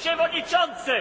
Przewodniczący!